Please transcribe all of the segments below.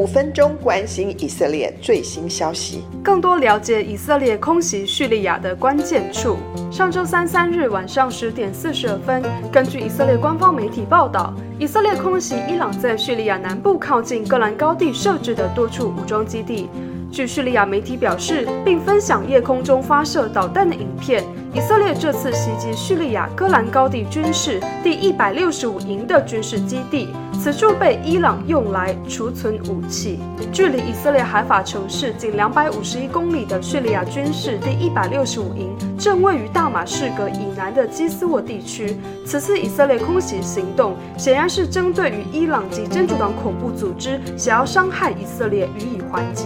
五分鐘關心以色列最新消息，更多了解以色列空襲敘利亞的關鍵處。上周三三日晚上十點四十二分，根據以色列官方媒體報道，以色列空襲伊朗在敘利亞南部靠近戈蘭高地設置的多處武裝基地。據敘利亞媒體表示，並分享夜空中發射導彈的影片。以色列這次襲擊敘利亞戈蘭高地軍事第一百六十五營的軍事基地。此處被伊朗用來儲存武器，距離以色列海法城市僅兩百五十一公里的敘利亞軍事第一百六十五營正位於大馬士革以南的基斯沃地區。此次以色列空襲行動顯然是針對於伊朗及真主黨恐怖組織想要傷害以色列予以還擊。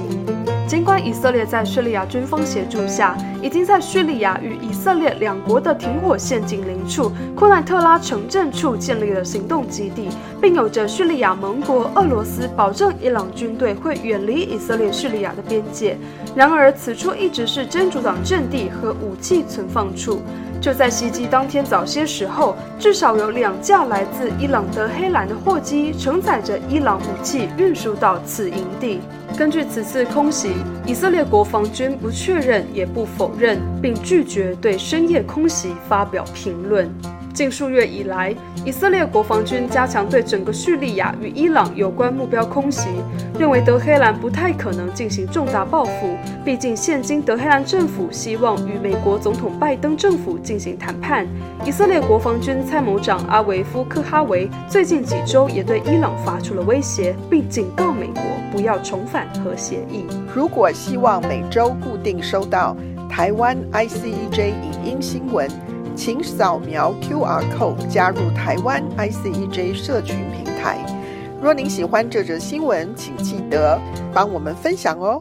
儘管以色列在敘利亞軍方協助下，已經在敘利亞與以色列兩國的停火線緊鄰處庫奈特拉城鎮處建立了行動基地，並有着。敘利亞盟國俄羅斯保證，伊朗軍隊會遠離以色列敘利亞的邊界。然而，此處一直是真主黨陣地和武器存放處。就在襲擊當天早些時候，至少有兩架來自伊朗德黑蘭的貨機，承載着伊朗武器運輸到此營地。根據此次空襲，以色列國防軍不確認也不否認，並拒絕對深夜空襲發表評論。近數月以來，以色列國防軍加強對整個敘利亞與伊朗有關目標空襲，認為德黑蘭不太可能進行重大報復。畢竟，現今德黑蘭政府希望與美國總統拜登政府進行談判。以色列國防軍參謀長阿維夫·科哈維最近幾週也對伊朗發出了威脅，並警告美國不要重返核協議。如果希望每週固定收到台灣 ICEJ 影音新聞。請掃描 QR code 加入台灣 ICEJ 社群平台。若您喜歡這則新聞，請記得幫我們分享哦。